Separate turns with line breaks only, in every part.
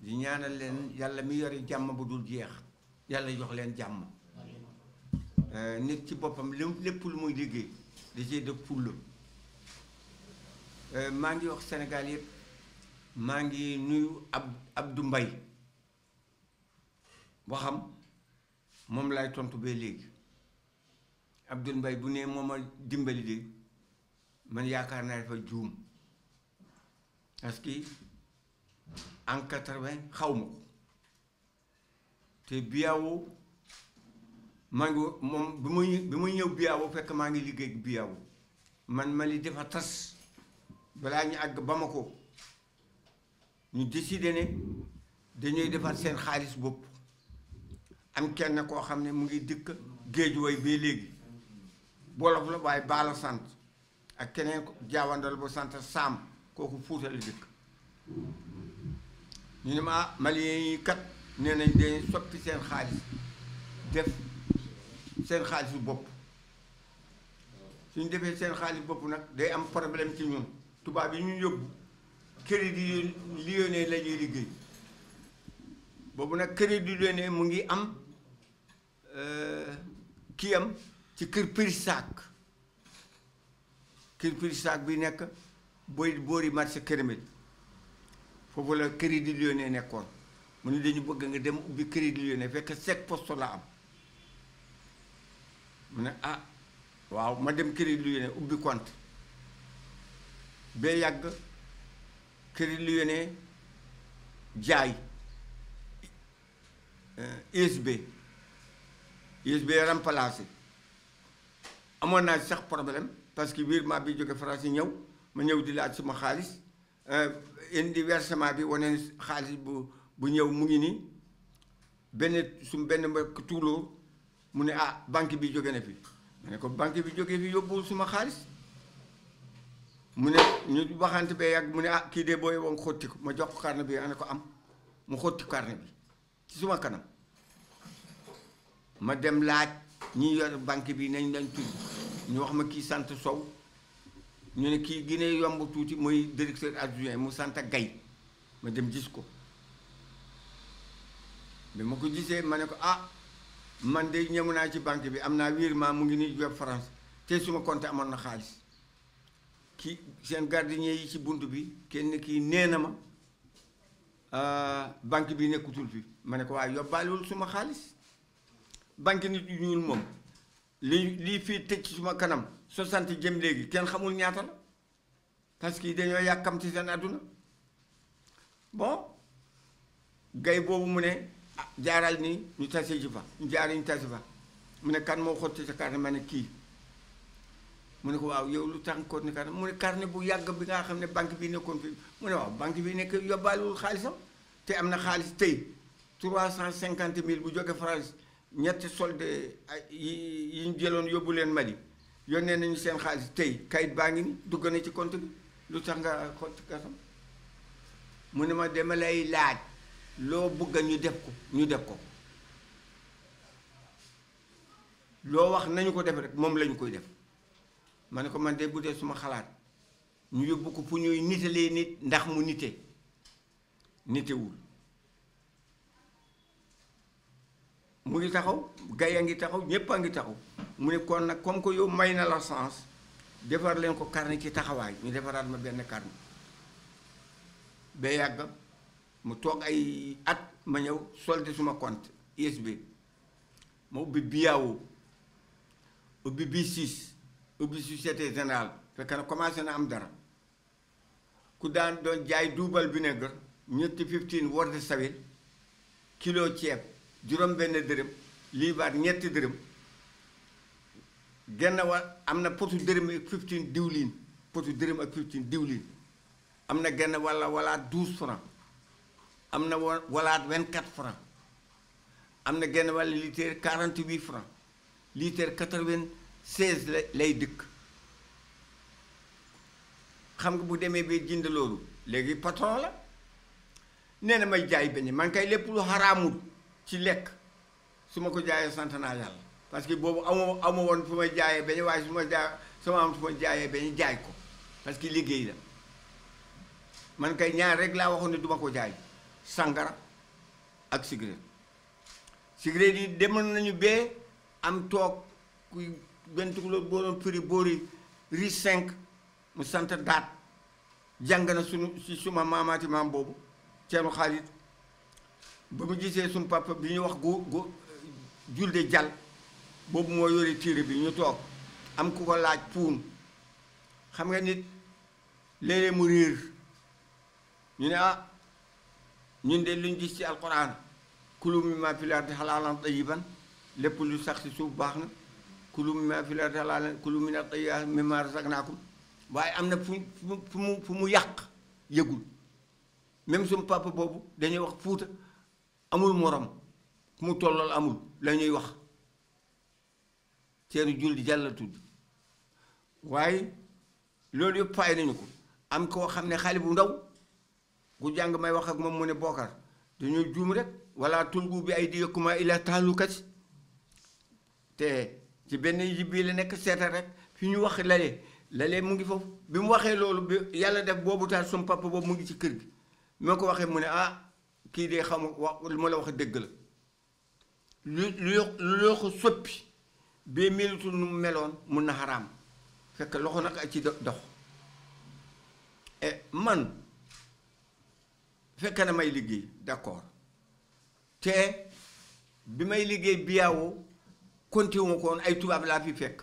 di ñaanal leen yàlla mi yore jàmm bu dul jeex yàlla jox leen jàmm euh, nit ci boppam lépp lu muy liggéey da cee def fulla euh, maa ngi wax Sénégal yëpp maa ngi nuyu ab Abdou Mbaye waxam moom lay tontu bee léegi Abdou Mbaye bu nee moom a dimbali de man yaakaar naa dafa juum parce en quatre xaw ma ko te biyaawu maa ngi moom bi muy ñëw biyaawu fekk maa ngi liggéey biyaawu man Mali dafa tas balaa ñu àgg ba ma ko ñu décidé ne dañuy defar seen xaalis bopp am kenn koo xam ne mu ngi dëkk géej way ba léegi bolof la waaye baala sant ak keneen jaawandal bu sant saam kooku fuutal dëkk ñu ne ma ah, maliens yi kat nee nañ day soppi seen xaalis def seen xaalisu bopp suñ defee seen xaalis bopp nag day am problème ci ñun tubaab yi ñu yóbbu crédit lyonnais la ñuy liggéey boobu nag crédit lyonnais mu ngi am euh, kii am ci kër Pirisac kër Pirisac bi nekk booy boori marché Kérémet foofu la Crédit Lyonnais nekkoon mu ne dañu bëgg nga dem ubbi Crédit Lyonnais fekk cinq poste la am mu ne ah waaw ma dem Crédit Lyonnais ubbi compte bee yàgg Crédit Lyonnais jaay ISB euh, ISB remplacé amoon naa sax problème parce que virement bi jóge France ñëw ma ñëw di laaj suma xaalis euh, indi versement bi wane xaalis bu bu ñëw mu ngi nii benn suñ benn mbokk tuuloo mu ne ah banque bi jóge na fi ma ne ko banque bi jóge fi yóbbuwul suma xaalis mu ne ñu waxante ba yàgg mu ne ah kii de booy woon xotti ko ma jox ko carnet bi ana ko am mu xotti carnet bi ci suma kanam ma dem laaj ñi yor banque bi nañ lañ tudd ñu wax ma kii sant soow ñu ne kii Guinée yomb tuuti mooy directeur adjoint mu Santa Gaye ma dem gis ko bi ma ko gisee ma ne ko ah man de ñëw naa ci banque bi am naa virement mu ngi nii jóge France te suma compte amoon na xaalis ki seen gardien yi ci bunt bi kenn kii nee na ma ah, banque bi nekkutul fi ma ne ko waaye yóbbaalewul suma xaalis banque nit ñuul moom li lii fii tëj ci suma kanam soixante jëm léegi kenn xamul ñaata la parce que dañoo yàkkam ci seen àdduna bon gay boobu mu ne ah, jaaral nii ñu tase ji fa ñu jaar ñu tase fa mu ne kan moo xotti sa carnet ma ne kii mu ne ko waaw yow lu tax ko ni carnet mu ne carnet bu yàgg bi nga xam ne banque bi nekkoon fii mu ne waaw banque bi nekk yóbbaalul xaalisam te am na xaalis tey trois cent cinquante mille bu joge France ñetti solde yi ñu jëloon yóbbu leen Mali yónnee nañu seen xaalis tey kayit baa ngi ni dugg na ci compte bi lu tax nga compte kasam mu ne ma dama lay laaj loo bëgg ñu def ko ñu def ko loo wax nañu ko def rek moom lañu koy def ma ne ko man de bu dee suma xalaat ñu yóbbu ko fu ñuy nitalee nit ndax mu nite nitewul mu ngi taxaw gay a ngi taxaw ñépp a ngi taxaw mu ne kon nag comme que yow may na la sens defar leen ko carnet ci taxawaay ñu defaraat ma benn carnet ba yàgg mu toog ay at ma ñëw solde suma compte USB ma ubbi BAO ubbi B6 ubbi société générale fekk na commencé na am dara ku daan doon jaay duubal vinaigre ñetti 15 war de sawil kilo ceeb juróom benn dërëm lii ñetti dërëm genn wa am na potu dërëm ak fifteen diwlin potu dërëm ak fifteen diwlin am na genn walla walaat douze francs am na wa walaat vingt quatre francs am na genn wala litre quarante huit francs litre quatre vingt seize la lay dëkk xam nga bu demee ba jënd léegi patron la nee na may jaay benn man kay lépp lu xaraamul ci lekk su ma ko jaayee sant naa yàlla parce que boobu amoo amoo woon fu may jaayee beñe waaye su ma jaa sama am fu ma jaay ko parce que liggéey la man kay ñaar rek laa waxoon ne duma ko jaay sàngara ak cigarette cigarette yi demoon nañu bee am toog ku benn tukulóor boo doon firi boori ri cinq mu sant daat jàng na sunu suma maamaati maam boobu ceenu xaalit ba mu gisee suñu papa bi ñuy wax gu gu julde jàll boobu moo yore tiire bi ñu toog am ku ko laaj puun xam nga nit léeg-léeg mu réer ñu ne ah ñun de luñ gis ci alquran kulu mimmaa fil ardi halaalan tayyiban lépp lu sax ci suuf baax na kulu mimmaa fil ardi halaalan kulu naa razaqnaakum waaye am na fu fu mu fu mu yàq yëgul même suñu papa boobu dañuy wax fuuta amul moroom morom mu tollal amul lañuy wax teeru julli jàll tudd waaye loolu yëpp fay nañu ko am koo xam ne xale bu ndaw ku jàng may wax ak moom mu ne bookar dañoo juum rek wala tulgu bi ay diyakumaa ila taalukat te ci benn yib bii la nekk seetal rek fi ñu wax lalee lalee mu ngi foofu bi mu waxee loolu bi yàlla def boobu taal sum papa boobu mu ngi ci kër gi moo ko waxee mu ne ah kii de xam wax lu la wax dëgg la lu lu lu ko soppi bee melatul nu mu meloon mun na xaraam fekk loxo nag a ci dox e, man fekk na may liggéey d'accord te bi may liggéey biyaawu konte wu ma ay tubaab laa fi fekk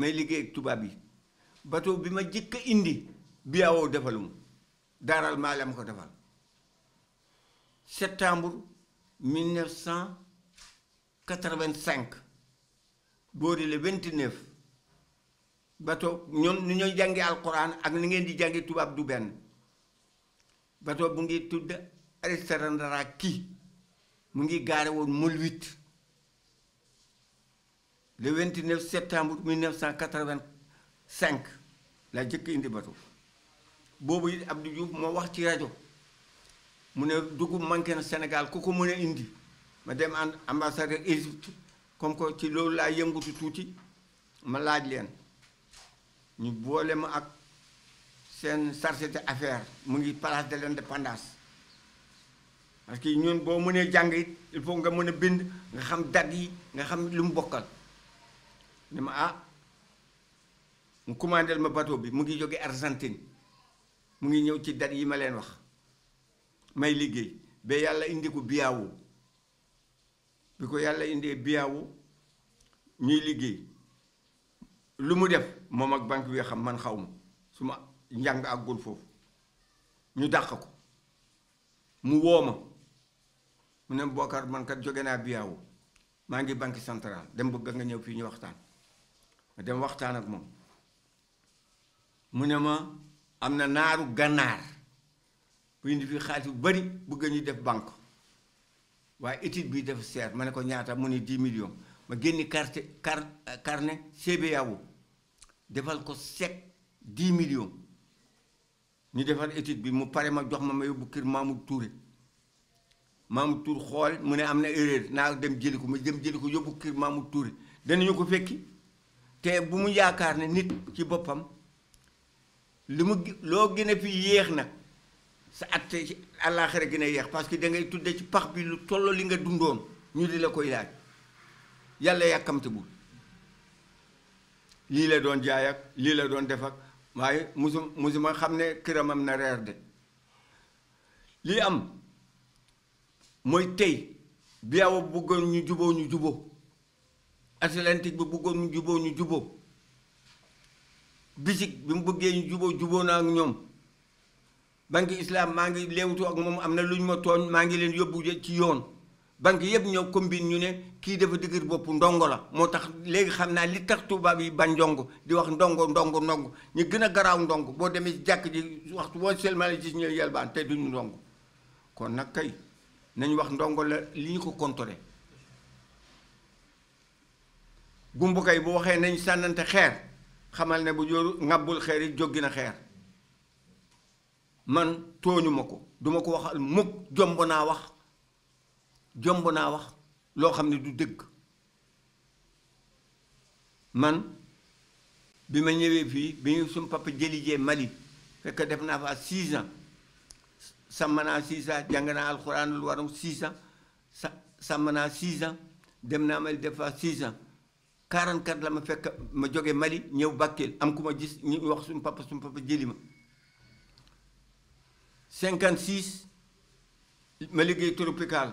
may liggéey ak tubaab yi bateau bi ma jëkk a indi biyaawoo defaluma daaral maa la ma ko defal septembre 1985 boori le 29 bato ñoom nu ñuy jàngi alquran ak ni ngeen di jàngi tubaab du benn bato bu ngi tudd Alexandra kii mu ngi gaare woon Moulvite le 29 septembre 1985 la jëkk indi bato boobu it Abdou Diouf moo wax ci rajo mu ne dugub manqué na Sénégal ku ko mën indi ma dem en ambassadeur Égypte comme que ci loolu laay yëngutu tuuti ma laaj leen ñu boole ma ak seen chargé affaire mu ngi place de l'indépendance parce que ñun boo mënee jàng it il faut nga mën a bind nga xam date yi nga xam lu mu bokkal ne ma ah mu commandel ma bateau bi mu ngi jóge Argentine mu ngi ñëw ci date yi ma leen wax may liggéey ba yàlla indi ko biyaawu bi ko yàlla indee biyaawu ñuy liggéey lu mu def moom ak banque bi xam man xaw ma su ma njàng àggul foofu ñu dàq ko mu woo ma mu ne Bocar man kat jóge naa biyaawu maa ngi banque centrale dem bëgg nga ñëw fii ñu waxtaan dem waxtaan ak moom mu ne ma am na naaru gànnaar bu indi fi xaalis bu bari bëgg ñu def banque waaye étude bi dafa seer ma ne ko ñaata mu ne 10 millions ma génni carte car carnet CBAO defal ko chèque 10 millions ñu defal étude bi mu pare ma jox ma ma yóbbu kër Mamoud Touré Mamoud Touré xool mu ne am na erreur naa dem jëli ko ma dem jëli ko yóbbu kër Mamoud Touré ñu ko fekki te bu mu yaakaar ne nit ci boppam li mu loo gën a fi yéex nag. sa atte ci àllaaxira gën a yeex parce que da ngay tudde ci pax bi lu tolloo li nga dundoon ñu di la koy laaj yàlla yàkkamte bul lii la doon jaay lii la doon def ak waaye musu musuma xam ne këramam na reer de lii am mooy tey biawa bëggoon ñu juboo ñu juboo atlantique bi bëggoon ñu juboo ñu juboo bisik bi mu bëggee ñu juboo juboo naa ak ñoom banque islaam maa ngi léewtu ak moom am na lu ñu ma tooñ maa ngi leen yóbbu ci yoon banque yëpp ñoo combine ñu ne kii dafa dëgër boppu ndongo la moo tax léegi xam naa li tax tubaab yi bañ ndongo di wax ndongo ndongo ndongo ñu gën a garaaw ndongo boo demee jàkk ji waxtu boo selma la gis ñu yelbaan du ñu ndongo kon nag kay nañ wax ndongo la li ñu ko contrôlé gumbu kay bu waxee nañu sànnante xeer xamal ne bu jóoru ŋabbul xeer yi jóggi na xeer man tooñu ko duma ko waxal mukk jomb naa wax jomb naa wax loo xam ne du dëgg man bi ma ñëwee fii bi ñu suñu papa jëlijee Mali fekk def naa fa six ans sàmm naa six ans jàng naa alxuraanul waram six ans sa sàmm naa six ans dem naa Mali def fa six ans 44 la ma fekk ma jóge Mali ñëw Bakel am ku ma gis ñu wax suñu papa suñu papa jëli cinquante 56 ma liggéey tropical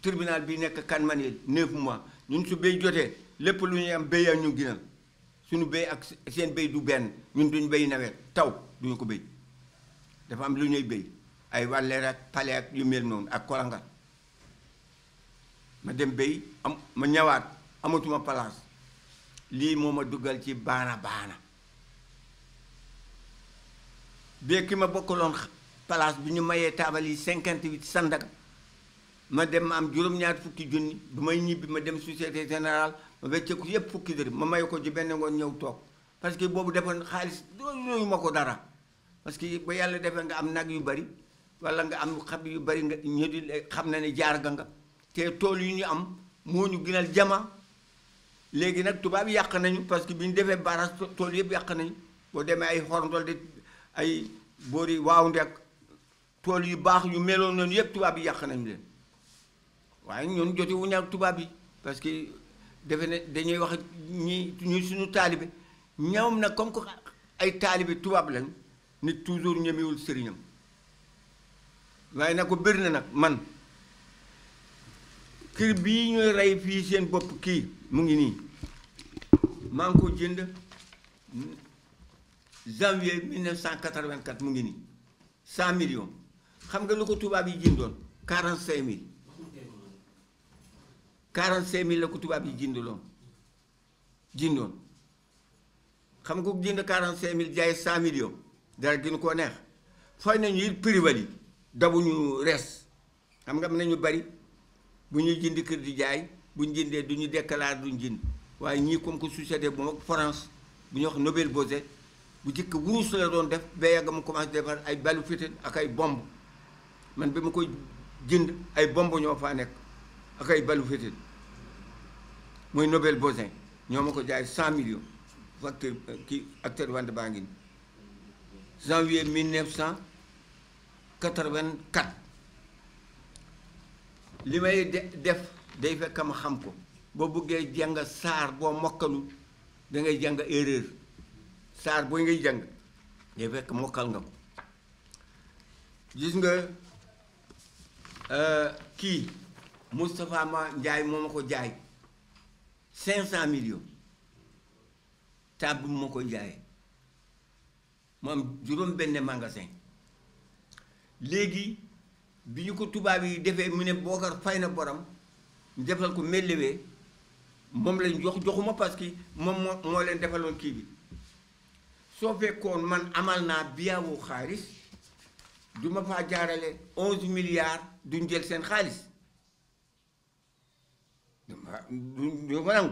tribunal bi nekk kan manil 9 mois ñun su béy jotee lépp lu ñuy am béy ak ñu ginal suñu béy ak seen béy du benn ñun duñ béy nawet taw duñu ko béy dafa am lu ñuy béy ay wàlleer ak pale ak yu mel noonu ak kolanga ma dem béy am ma ñawaat amatuma place lii moom ma duggal ci baana baana bee ki ma bokkaloon place bi ñu mayee taabal yi 58 Sandaga ma dem ma am juróom-ñaar fukki junni bu may ñibbi ma dem société générale ma wecceeku yépp fukki dërëm ma may ko ci benn ngoon ñëw toog parce que boobu defoon xaalis doonu ma ko dara parce que ba yàlla defee nga am nag yu bari wala nga am xab yu bari nga ñu di xam na ne jaar ga nga te tool yu ñu am moo ñu gënal jama léegi nag tubaab yàq nañu parce que bi ñu defee baras tool yëpp yàq nañu boo demee ay xorndol de ay boori waaw ndek tool yu baax yu meloon noonu yëpp tubaab yi yàq nañ leen waaye ñun jote wu ak tubaab yi parce que defe ne dañuy wax ñi ñuy suñu taalibe ñoom nag comme que ay taalibe tubaab lañ nit toujours ñemewul sëriñam waaye nag ko bëri na nag man kër bii ñooy rey fii seen bopp kii mu ngi nii maa ngi ko jënd janvier 1984 mu ngi nii cent million xam nga lu ko tubaab yi jëndoon 45000 45000 la ko tubaab yi jëndaloon jëndoon xam nga ku jënd mille jaay cent millions dara gën koo neex fay nañu it privé yi dabuñu res xam nga am na ñu bari bu ñuy jënd kër di jaay bu ñu jëndee du ñu déclaré duñ jënd waaye ñii comme que société bu mag France bu ñuy wax Nobel Bosé. bu jëkk wurus la doon def ba yàgg mu commencé defar ay balu fitin ak ay bomb man bi ma koy jënd ay bomb ñoo faa nekk ak ay balu fitin mooy Nobel Bozin ñoo ma ko jaay cent millions facteur kii acteur wante baa ngi nii janvier 1984 li may de def day fekk ma xam ko boo buggee jàng saar boo mokkalu dangay ngay jàng erreur saar booy ngay jàng day fekk mokkal nga ko gis nga euh, kii Moustapha ma Njaay moo ma ko jaay cinq cent millions taab bu ma ko jaayee mu juróom benn magasin léegi bi ñu ko tubaab yi defee mu ne bookar fay na boram defal ko mellewee moom lañ jox joxuma parce que moom moo leen defaloon kii bi soo fekkoon man amal naa biyawu xaalis du ma faa jaarale onze milliards duñ jël seen xaalis du ma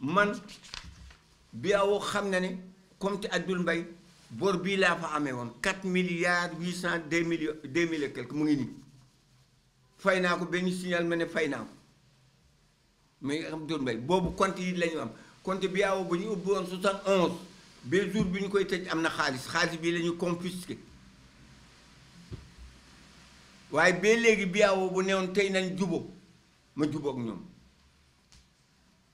nangu xam na ne comme ak dul mbay bor bii laa fa amee woon quatre milliards huit cent deux millions deux mille et mu ngi nii fay naa ko benn signal ma ne fay naa ko mais Abdoul mbay boobu compte yi la ñu am compte biyawu bu ñu ubbi woon soixante onze ba jour bi ñu koy tëj am na xaalis xaalis bii lañu ñu waaye ba léegi bi biyaawoo bu newoon tey nañ jubo ma juboog ñoom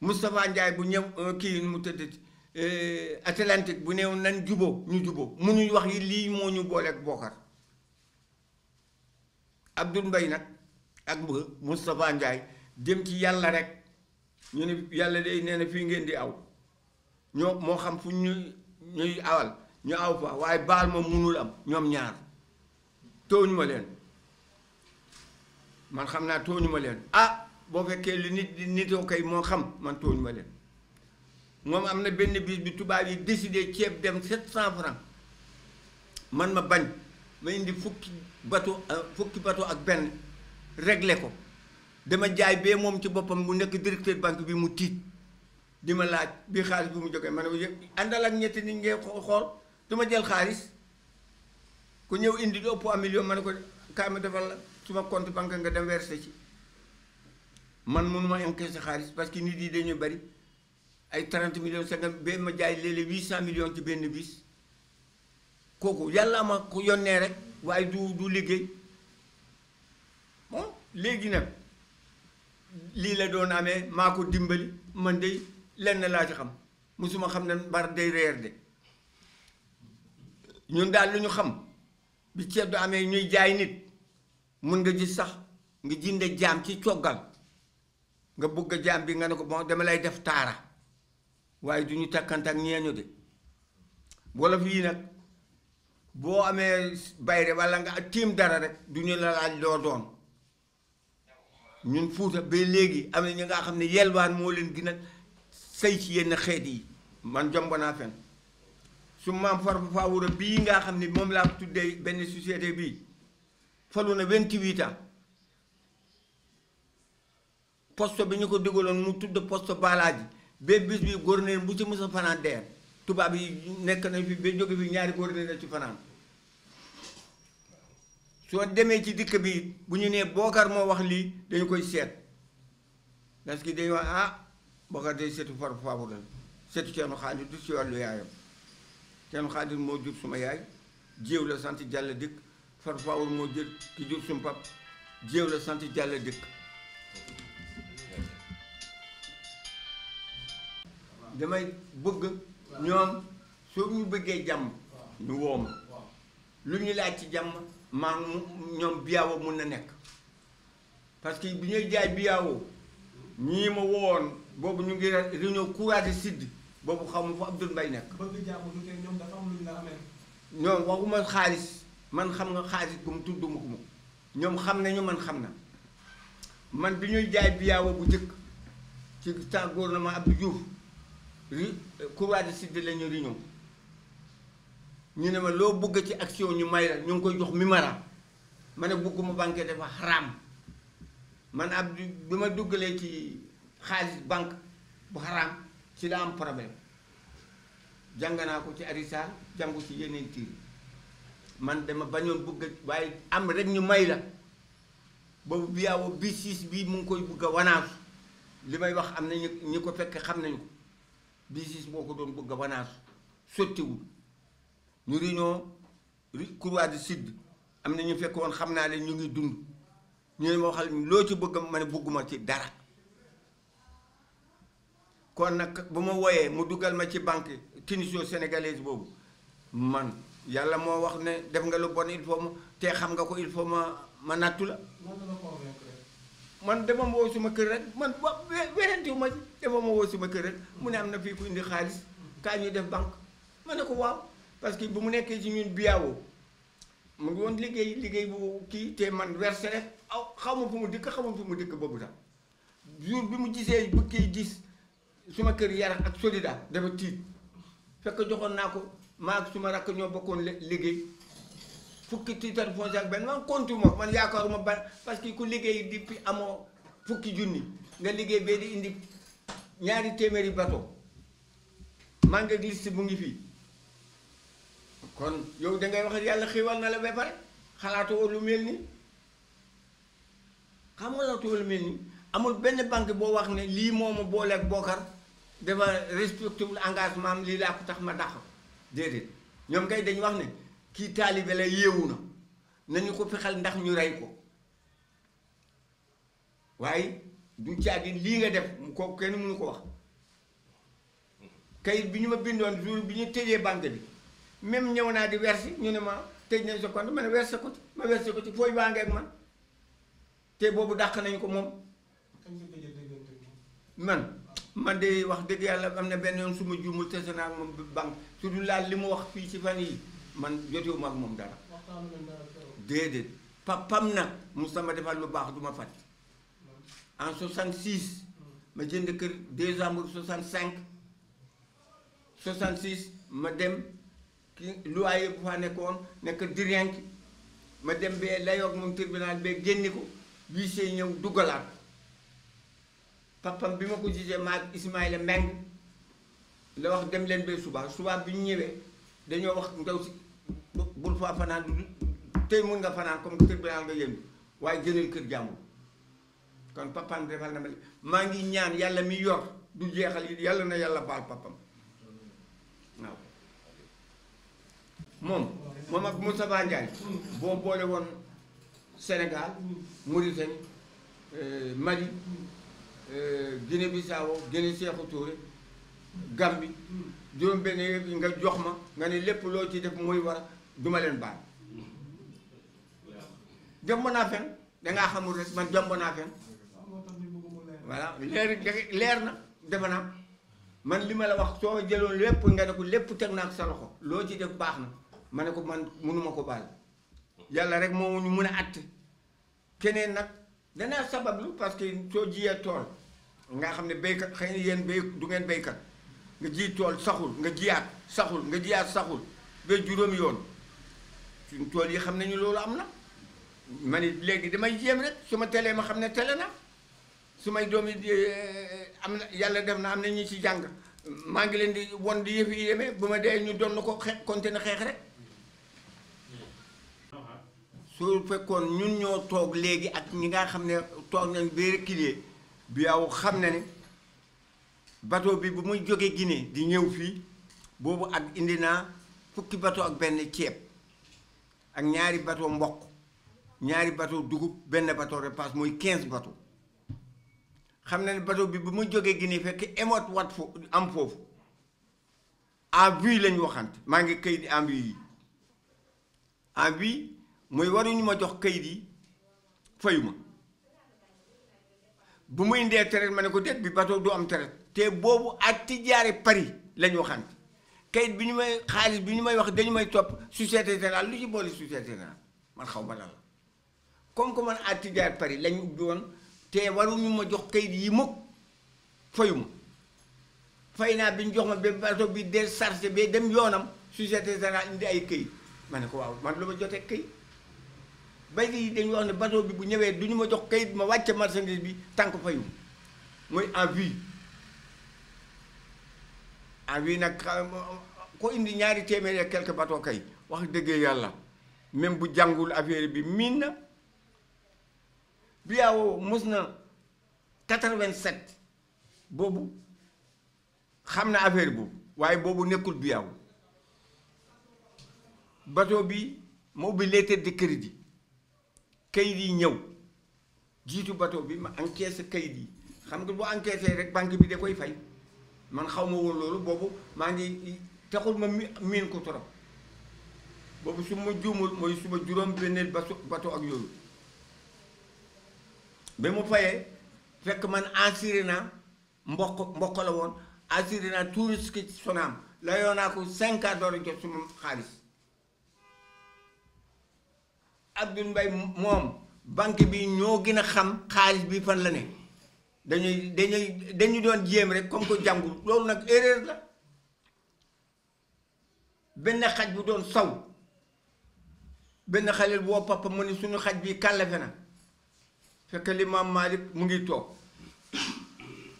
Moustapha Ndiaye bu ñëw euh, kii mu tëdd euh, Atlantique bu neew nan juboo ñu juboo munuñ wax yi lii moo ñu booleeg bokkar Abdoul mbay nag ak Moustapha Ndiaye dem ci yàlla rek ñu ne yàlla day nee na fii ngeen di aw ñoo moo xam fu ñu ñuy awal ñu aw fa waaye baal ma munul am ñoom ñaar tooñu ma leen man xam naa tooñu leen ah boo fekkee li nit di nitoo kay moo xam man tooñu leen moom am na benn bis bi tubaab yi décidé ceeb dem 700 francs man ma bañ ma indi fukki bato euh, fukki bato ak benn réglé ko dama jaay bee moom ci boppam mu nekk directeur banque bi mu tiit di ma laaj bi xaalis bi mu jogee ma ne yëpp àndal ak ñetti nit ngeen xool du ma jël xaalis ku ñëw indi du ëpp am million ma ne ko kaay ma defal la suma compte banque nga dem versé ci man mënuma encaissé xaalis parce que nit yi dañuy bari ay trent millions 50 ba ma jaay léeg-léeg 800 millions benn bis kooku yàlla ma ko yónnee rek waaye du du liggéey bon léegi nag lii la doon amee maa ko dimbali man de. lenn laa ci xam musuma xam ne mbar day reer de ñun daal lu ñu xam bi ceeb amee ñuy jaay nit mun nga gis sax nga jinde jaam ci coggal nga bëgg jaam bi nga ne ko bon dama lay def taara waaye du ñu takkantak ñeeñu de wolof yii nag boo amee bayre walla nga tiim dara rek du ñu la laaj loo doon ñun fuuta ba léegi am na ñi nga xam ne yelwaan moo leen gën sëy ci yenn xeet yi man jomb naa fen su maam far faawura bii nga xam ni moom laa tuddee benn société bii falu na vingt-huit ans poste bi ñu ko digaloon mu tudd poste balaaji ba bis bi gouverneur bu ci mësa fanaan deer tubaab yi nekk nañ fi ba jóge fi ñaari gouverneur la ci fanaan soo demee ci dikk bi bu ñu nee Bocar moo wax lii dañu koy seet parce dañu wax ah, Bokar day seetu far faabu la seetu Ceerno Xaadir du ci wàllu yaayam Ceerno Xaadir moo jur suma yaay jéew la sant jàll dikk far faawul moo jur ki jur suma jéew la sant jàll dikk damay bëgg ñoom soo ñu bëggee jàmm ñu woom lu ñu laaj ci jàmm maa mu ñoom biyaawoo mun na nekk parce que bi ñuy jaay biyaawoo ñii ma woon boobu ñu ngi réunion courage sidd boobu xaw ma fa ab Mbaye nekk. bëgg jàmm du tee ñoom dafa waxuma xaalis man xam nga xaalis bu mu tudduma ko ñoom xam nañu man xam na man bi ñuy jaay biyaawa bu njëkk ci sa gouvernement Abdou Diouf ri courage sidd la ñu ñu ne ma loo bëgg ci action ñu may la ñu ngi koy jox mimara ma ne bëgguma banque dafa xaraam man ab bi ma duggalee ci. xaalis banque bu xaraam ci la am problème jàng naa ko ci arisaal jàngu ci yeneen tiir man dama bañoon bëgg waaye am rek ñu may la boobu bu yaawo bi siis bii mu ngi koy bëgg a wanaasu li may wax am na ñu ñi ko fekk xam nañu ko bi siis moo ko doon bëgg a wanaasu sottiwul ñu réunion Croix du am na ñu fekk woon xam naa leen ñu ngi dund ñu ne ma waxal loo ci bëgg ma ne bëgguma ci dara kon nag bu ma wooyee mu dugal ma ci banque tunisio sénégalaise boobu man yàlla moo wax ne def nga lu bon il faut ma te xam nga ko il faut ma ma nattu la. man dama ma woo suma kër rek man wa werentiw ma dama ma woo suma kër rek mu ne am na fii ku indi xaalis kaa ñuy def banque ma ne ko waaw parce que bu mu nekkee ci ñun biyaawoo mu ngi woon liggéey liggéey bu kii te man versé rek aw xaw ma fu mu dikk xaw ma fu mu dikk boobu sax jour bi mu gisee bëgg gis. suma kër yarax ak solida dafa tiit fekk joxoon naa ko maa ak suma rakk ñoo bokkoon liggéey fukki titre foncier ak benn man compte ma man yaakaaruma ban parce que ku liggéey depuis amoo fukki junni nga liggéey bee di indi ñaari téeméeri bato maa ngi liste mu ngi fii kon yow da ngay yàlla xiiwal na la ba pare xalaatoo lu mel ni xam nga xalaatoo lu mel ni amul benn banque boo wax ne lii moo ma booleeg bokkar dafa respecté wul engagement am lii laa ko tax ma dàq déedéet ñoom kay dañu wax ne kii taalibe la yeewu na nañu ko fexal ndax ñu rey ko waaye du caagin lii nga def ko kenn mënu ko wax kayit bi ñu ma bindoon jour bi ñu tëjee banque bi même ñëw naa di versi ñu ne ma tëj nañ sa compte ma ne verse ko ci ma verse ko ci fooy baa ngeeg man te boobu dàq nañu ko moom man man de wax dëgg yàlla am na benn yoon su ma juumul tase naa ak moom banque su du laal li ma wax fii ci fan yi man jotewuma ak moom dara déedéet papam nag mu sama defal lu baax du ma fàtt en 66 ma jënd kër décembre 65 66 ma dem ki loyer bu faa nekkoon nekk diriyànk ma dem bee layoog moom tribunal bee génni ko huissier ñëw duggalaat papam bi ma ko jugee maag Ismaïla Meng la wax dem leen ba suba subaa bi ñu ñëwee dañoo wax ndaw si bul faa fanaan tey mun nga fanaan comme tribunal nga yëngu waaye jëlal kër jàmbur kon papam defal na ma maa ngi ñaan yàlla mi yor du jeexal yi yàlla na yàlla baal papam waaw moom moom ak Moustapha Ndiaye boo boole woon Sénégal Mauritanie euh, Mali Guinée Bissau Guinée Sékou Touré Gambie juróom benn yëpp nga jox ma nga ne lépp loo ci def muy war duma leen baal jomb naa fen dangaa xamul rek man jomb naa fen voilà leer leer na defe man li ma la wax soo jëloon lépp nga ne ko lépp teg naa sa loxo loo ci def baax na ma ne ko man mënuma ko baal yàlla rek moom ñu mën a att keneen nag danaa sabablu parce que soo jiyee tool nga xam ne béykat xëy na yéen béy du ngeen baykat nga ji tool saxul nga jiyaat saxul nga jiyaat saxul ba yoon suñ tool yi xam nañu loolu am na ma ne léegi damay jéem rek su ma telee ma xam ne tele na su may doom yi eh, am na yàlla def na am na ñu ci jàng maa ngi leen di won di bu ma dee ñu doon na ko xe konte na xeex rek su fekkoon ñun ñoo toog léegi ak ñi nga xam ne toog nañ ba reculer Biao xam na ne bato bi bu muy jógee gini di ñëw fii boobu ak indi naa fukki bato ak benn ceeb ak ñaari bateau mboq ñaari bateau dugub benn bateau repas mooy 15 bateau xam na ne bato bi bu muy jógee Guinée fekk émote wat fo am foofu en vue lañ waxante maa ngi këyit yi en vue yi en mooy waruñu ma jox këyit yi fayu bu mu indee traite ma ne ko déet bi bateau doo am traite te boobu ak tijaare Paris la ñu waxante kayit bi ñu may xaalis bi ñu may wax dañu may topp société générale lu ci boole société générale man xaw ma lan la comme que man ak tijaare Paris lañu ubbi woon te waruñu ma jox kayit yi mukk fayu ma fay naa bi ñu jox ma benn bateau bi de déchargé bee dem yoonam société générale indi ay kayit ma ne ko waaw man lu ma jotee kayit baykat yi dañu wax ne bateau bi bu ñëwee du ñu ma jox kayit ma wàcce marchandise bi tànk fayu mooy en vie en vie nag ko indi ñaari téeméer ak quelques bateau kay wax dëggee yàlla même bu jàngul affaire bi miin na biyaawoo mos na vingt 87 boobu xam na affaire boobu waaye boobu nekkul biyaaw bateau bi moo bi lettre de crédit kayit yi ñëw jiitu bato bi ma encaisse kayit yi xam nga bu encaissé rek banque bi da koy fay man xaw ma woon loolu boobu maa ngi taxul ma miin ko trop boobu su ma juumul mooy su ma juróom benneel bateau ak yooyu ba mu fayee fekk man assuré naa mboq mboq la woon assuré naa tout risque Sonam layoo naa ko 5 dollars jot suma xaalis Abdoul Mbaye moom banque bi ñoo gën a xam xaalis bi fan la ne dañuy dañuy dañu doon jéem rek comme ko jàngu loolu nag erreur la benn xaj bu doon saw benn xaleel boo papa mu ne suñu xaj bi kàllafe na fekk limaam Malick mu ngi toog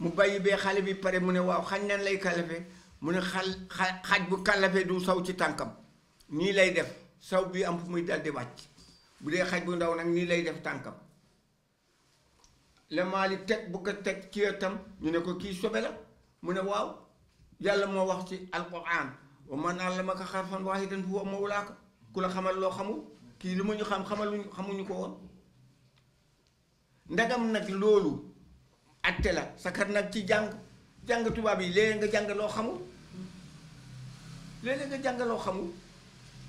mu bàyyi bee xale bi pare mu ne waaw xañ nan lay kàllafe mu ne xal xaj bu kàllafe du saw ci tànkam nii lay def saw bi am fu muy daldi wàcc bu dee xaj bu ndaw nag nii lay def tànkam la Maalik teg bu ko teg ci wetam ñu ne ko kii sobe la mu ne waaw yàlla moo wax ci alquran wa man allamaka xarfan waahidan huwa mawlaaka ku la xamal loo xamul kii lu ma ñu xam xamaluñu xamuñu ko woon ndagam nag loolu atte la sakkat nag ci jàng jàng tubaab yi léeg nga jàngaloo loo xamul léeg-léeg nga jàng xamul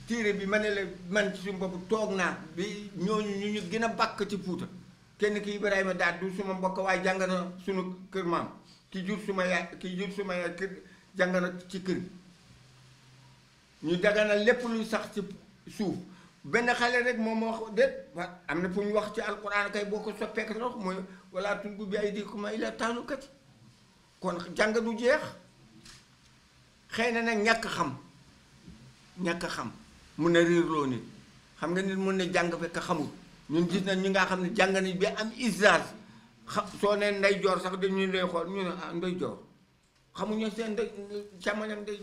téere bi ma ne la man ci suñu bopp toog naa bi ñooñu ñu ñu gën a bàkk ci Fuuta kenn ki Ibrahima daal du suma mbokk waaye jàng na suñu kër maam ki jur suma yaay ki jur suma yaay kër jàng ci kër ñu lépp luy sax ci benn xale rek moom na fu ñu wax ci alquran boo ko soppeek rox mooy bi aydiikum ilaa kon jàng du jeex xëy na nag ñàkk xam ñàkk xam mun na riirloo nit xam nga nit mun na jàng fekk xamul ñun gis nañ ñi nga xam ne jàng nañ bi am isage xa soo nee ndeyjoor sax dañuy lay xool ñu ne ah nday xamuñu seen ndey càmmoñam nday